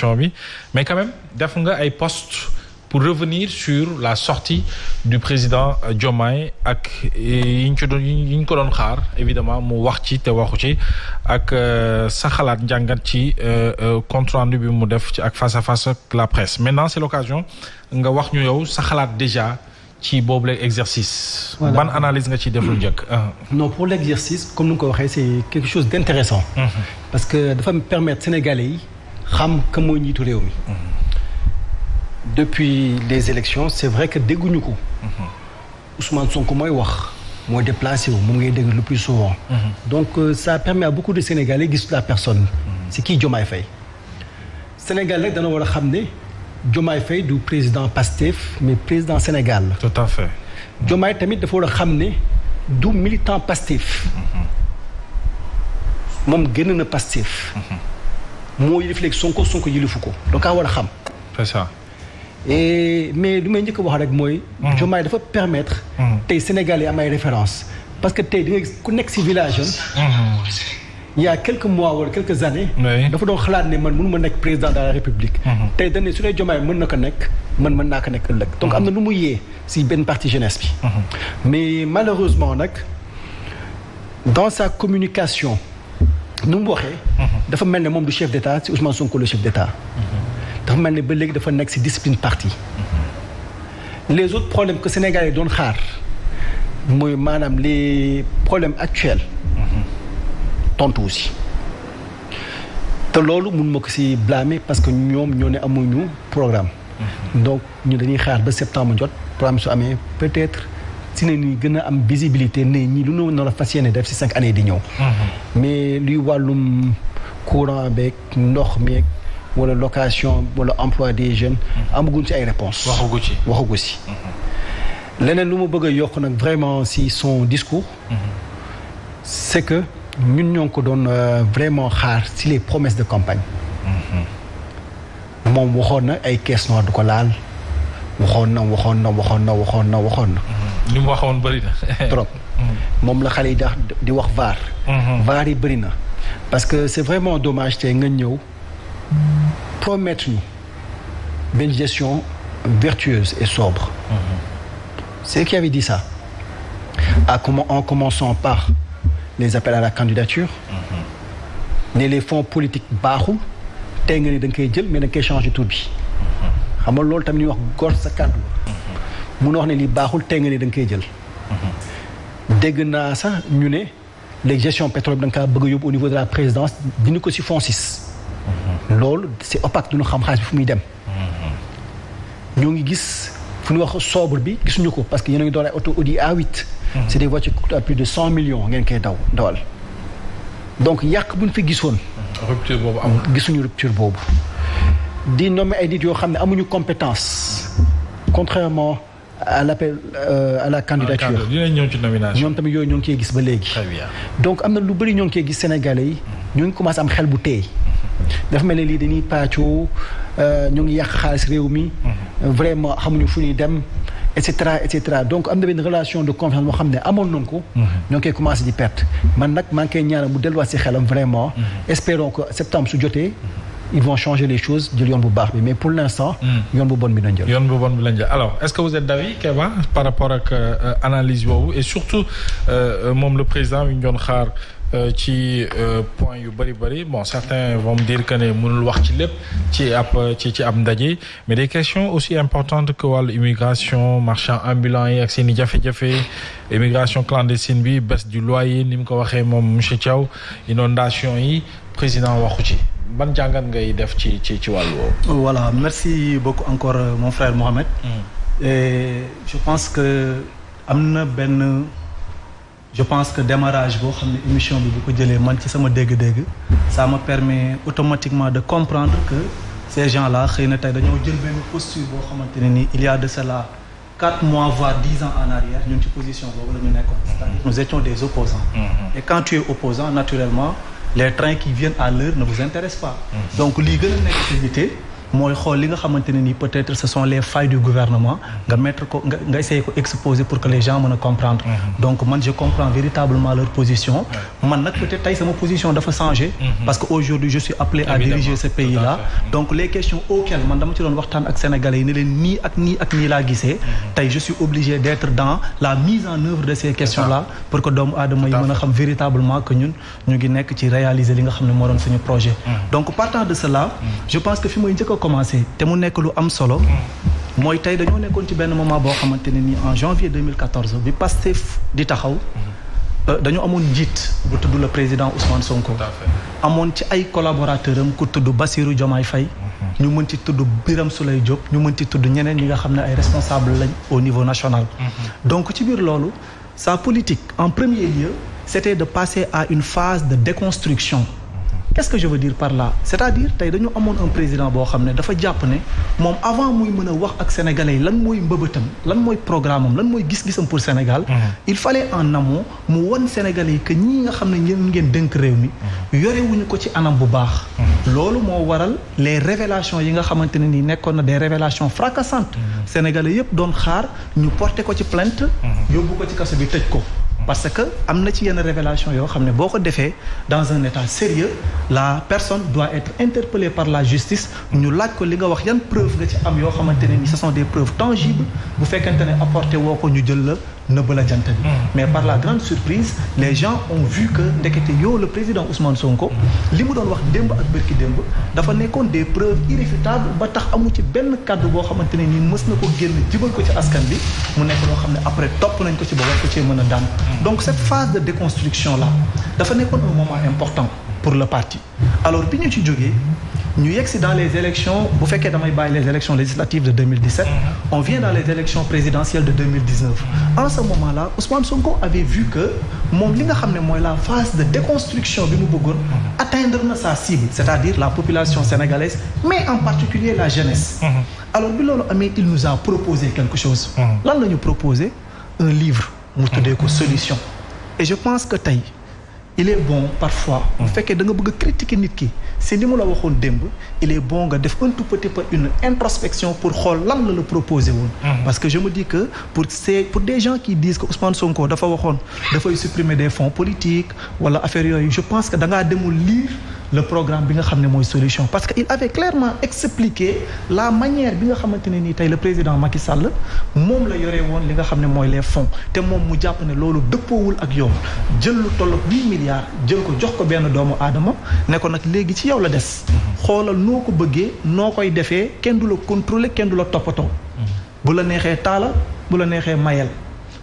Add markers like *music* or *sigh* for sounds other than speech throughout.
constitution mais quand def nga ay post pour revenir sur la sortie du président euh, Diomaye ak yi ñu ci doon yi ñu ko doon xaar évidemment mu wax ci te waxu ci ak euh, sa xalaat jàngat ci euh, compte rendu bi mu def ci ak face à face ak la presse maintenant c'est l'occasion nga wax ñu yow sa xalaat déjà ci boobu la exercice. voilà ban analyse nga ciy def lu njëkk. *coughs* non pour l'exercice comme ni nga ko waxee c'est quelque chose d'intéressant. Mm-hmm. parce que dafa permettre Sénégalais yi. xam ka mooy ñiitu réew mi depuis les élections c'est vrai que dégguñu ko Ousmane Sonko mooy wax mooy déplacé wu moom ngay dégg le plus souvent donc euh, ça permet à beaucoup de Sénégalais gis la personne c'est qui Diomaye fay Sénégal nag dana war a xam ne Diomaye Faye du président Pastef mais président Sénégal tout à fait tamit dafa war a xam ne du militant Pastef moom génn na Pastef moo yilif léegi Sonko Sonko yilifu ko da kaa war a xam. c'est ça. mais li may njëkk wax rek mooy. Mhm. Diomaye dafa permettre. Mhm. tey Sénégal yi am ay références. parce que tey ku nekk si village am. Mhm. il y quelques mois wala quelques années. dafa doon xalaat ne man mënu ma nekk président de la république. tey dañ ne su dee Diomaye mën na ko nekk man mën naa ko nekk ëllëg. donc am na lu mu yee si benn parti jeunesse bi. mais malheureusement nag dans sa communication. nu mu waxee. Mhm. dafa mel ni moom du chef d' état si Ousmane Sonko le chef d' mhm. dafa mel ni ba léegi dafa nekk si discipline parti. Mhm. les autres problèmes que Sénégalais doon xaar mooy maanaam les problèmes actuels. tontu aussi te loolu mun ma ko si blâmer parce que ñoom ñoo ne ñu programme. donc ñu dañuy xaar ba septembre jot programme su amee peut-être. si ne ñuy gën a am visibilité ne ñii lu ñu nar a fas yéene def si cinq années di ñëw. Mm-hmm. mais luy wàllum courant beeg ndox mi meeg wala location wala emploi des jeunes. Mm-hmm. amaguñ ci ay réponses. waxagu ci waxagu ci. Mm-hmm. leneen lu ma bëgg a yokk nag vraiment si son discours. c'est que ñun ñoo ngi ko doon euh, vraiment xaar si les promesses de campagne. moom waxoon na ay caisse noire du ko laal waxoon na waxoon na waxoon na waxoon na waxoon na. li mu waxoon bëri na. *laughs* trop moom la xale yi dax di wax vaar. Mhm. vaar yi bëri na parce que c' vraiment dommage tey nga ñëw promettre ñu benn gestion vertueuse et sobre. Mhm. c'est qui en commençant par les appels à la candidature. Mhm. ne les fonds politiques baaxul tey nga ne da nga koy jël mais da nga koy changé bi. xam loolu tamit ñuy wax góor sa kàddu. mun wax ne li baaxul tey nga ne da nga koy jël. dégg naa sax ñu ne les gestion pétrole da nga kaa bëgg yóbbu au niveau de la présidence dina ko si FONSIS. loolu c'est opaque duñu xam xaas bi fu muy dem. ñoo ngi gis fu ñu wax sobre bi gisuñu ko parce que yéen a ngi doon ay auto Audi A8. c'est des voitures qui coûtent plus de cent ngeen koy daw dawal. donc yàq bu ñu fi gisoon. rupture boobu amul gisuñu rupture boobu. di nommer ay nit yoo xam ne amuñu compétence contrairement. à l' appel euh, à la candidature ah, ñoom tamit yooyu ñoo ngi koy gis ba léegi donc am na lu bari ñoo ngi koy gis sénégalais yi ñoo ngi commencé am xel bu teey dafa mel ne lii dañuy pàccoo euh, ñoo ngi yàq xaalis réew mi mm-hmm. vraiment xamuñu fu ñuy dem et cetera et donc am na benn relation de confiance boo xam ne amoon nañ ko mm-hmm. ñoo ngi koy commencé di perte man nag maa ngi koy ñaanal mu delluwaat si xelam vraiment mm-hmm. espérons que septembre su jotee ils vont changer les choses jël bu baax bi mais pour l' instant. Hmm. yoon bu bon bi lañ jël. yoon bu bon bi lañ jël alors est ce que vous êtes d' avis Keba par rapport ak euh, analyse boobu et surtout euh, moom le président mi ñu doon xaar. Euh, ci point yu bëri bëri bon certains vont me dire que ne mënul wax ci lépp ci ab ci ci ab ndaje mais des questions aussi importantes que wàllu immigration marchand ambulant yi ak seen i jafe-jafe immigration clandestine bi baisse du loyer ni mu ko waxee moom monsieur Thiaw inondation yi président waxu ci ban jàngat ngay def ci ci ci wàllu voilà merci beaucoup encore euh, mon frère Mohamed. Mm. et je pense que am na benn je pense que démarrage boo xam ne émission bi bu ko jëlee man ci sama dégg-dégg ça me permet automatiquement de comprendre que ces gens là xëy na tey dañoo jël benn posture boo xamante ne ni il de cela quatre mois voire dix ans en arrière ñun ci position boobu la ñu nekkoon. cest à des opposants mm-hmm. quand tu es opposant naturellement. les trains qui viennent à l'heure ne vous intéressent pas. Mm-hmm. donc lii gën a nekk mooy xool li nga xamante ne peut-être ce sont les failles du gouvernement nga mettre ko nga nga ko exposer pour que les gens mën a comprendre mhm. donc man je comprends véritablement leur position man nag peut-être tey sama position dafa changé mhm. parce que aujourd'hui je suis appelé à diriger ce pays là donc les questions auxquelles man dama ci doon waxtaan ak sénégalais yi ne leen nii ak nii ak nii laa gisee mhm. tey je suis obligé d'être dans la mise en œuvre a commencé te mu nekk lu am solo mooy tey dañoo nekkoon ci benn moment boo xamante ne nii en janvier 2014 bi Pastef di taxaw euh, dañu amoon njiit bu tudd le président Ousmane Sonko amoon ci ay collaborateur am ku tudd Bassirou Diomaye Faye mhm. ñu mën ci tudd Birame Souleye Diop ñu mën ci tudd ñeneen ñi nga xam ne ay responsable lañ au niveau national mhm. donc ci biir loolu sa politique en premier lieu c'était de passer à une phase de déconstruction qu'est-ce que je veux dire par là c'est-à-dire tey dañu amoon un président boo xam ne dafa jàpp ne moom avant muy mën a wax ak sénégalais yi lan mooy mbëbëtam lan mooy programme am lan mooy gis-gisam pour Sénégal. Mhm. il fallait en amont mu wan sénégalais yi que ñii nga xam ne ñoom ngeen dënk réew mi. Mhm. yorewuñu ko ci anam bu baax. Mhm. loolu moo waral les révélations yi nga xamante ne nii nekkoon na des révélations fracassantes. sénégalais yëpp doon xaar ñu porté ko ci plainte. yóbbu ko bi tëj ko. parce que am na ci yenn révélation yoo xam ne boo ko defee dans un état sérieux la personne doit être interpellée par la justice ñu laaj ko li nga wax yan preuve nga ci am yoo xamante ne ni ce des preuves tangibles bu fekkente ne apporté woo ko ñu jël la nëbb la jant bi mm. mais par la grande surprise les gens ont vu que ndekete yow le président son Sonko li mu doon wax démb ak bërki démb dafa nekkoon des preuves irréfutables ba tax amu ci benn kàddu boo xamante ne nii mës na ko génn jibal ko ci askan bi mu nekk loo xam ne après topp nañ ko ci ba war ko cee mën a damm donc cette phase de déconstruction la dafa nekkoon un moment important pour le parti alors bi ñu ci jógee ñu yegg si dans les élections bu fekkee damay bàyyi les élections législatives de 2017 mhm. on vient dans les élections présidentielles de en ce moment là Ousmane Sonko avait vu que moom li nga xam ne mooy la phase de déconstruction bi mu bëggoon mhm. atteindre na sa cible c'est-à-dire la population sénégalaise mais en particulier la jeunesse mhm. alors loolu amee il nous a proposé quelque chose lan la ñu proposé un livre mu tuddee ko solution et je pense que tey il est bon parfois. Mm. bu fekkee da nga bëgg a critiquer nit ki si li mu la waxoon démb il est bon nga def un tout petit une introspection pour xool lan la la proposé woon. Mm. parce que je me dis que pour c'est pour des gens qui disent que Ousmane Sonko dafa waxoon dafay supprimer des fonds politiques wala affaire yooyu je pense que da ngaa demul lire. le programme bi nga xam ne mooy solution parce que il avait clairement expliqué la manière bi nga xamante ne nii tey la président Macky Sall moom la yore woon li nga xam ne mooy lee fonds te moom mu jàpp ne loolu dëppoowul ak yoon jël lu tolloog huit milliards jël ko jox ko benn doomu aadama ne ko nag léegi ci yow la des xoolal noo ko bëggee noo koy defee kenn du la contrôler kenn du la toppatoo mm-hmm. bu la neexee taala bu la neexee mayel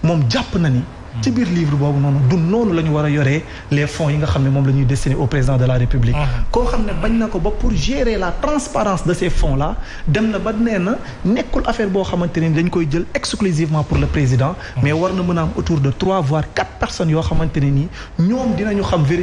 moom jàpp na ni ci biir livre boobu noonu du noonu la ñu war a yore les fonds yi nga xam ne moom la ñuy destiné au président de la république ah. koo xam ne bañ na ko ba pour gérer la transparence de ces fonds là dem na ba nee na nekkul affaire boo xamante ni dañ koy jël exclusivement pour le président mais ah. war na mën a am autour de trois voire quatre personnes yoo xamante ne nii ñoom dinañu xam vérité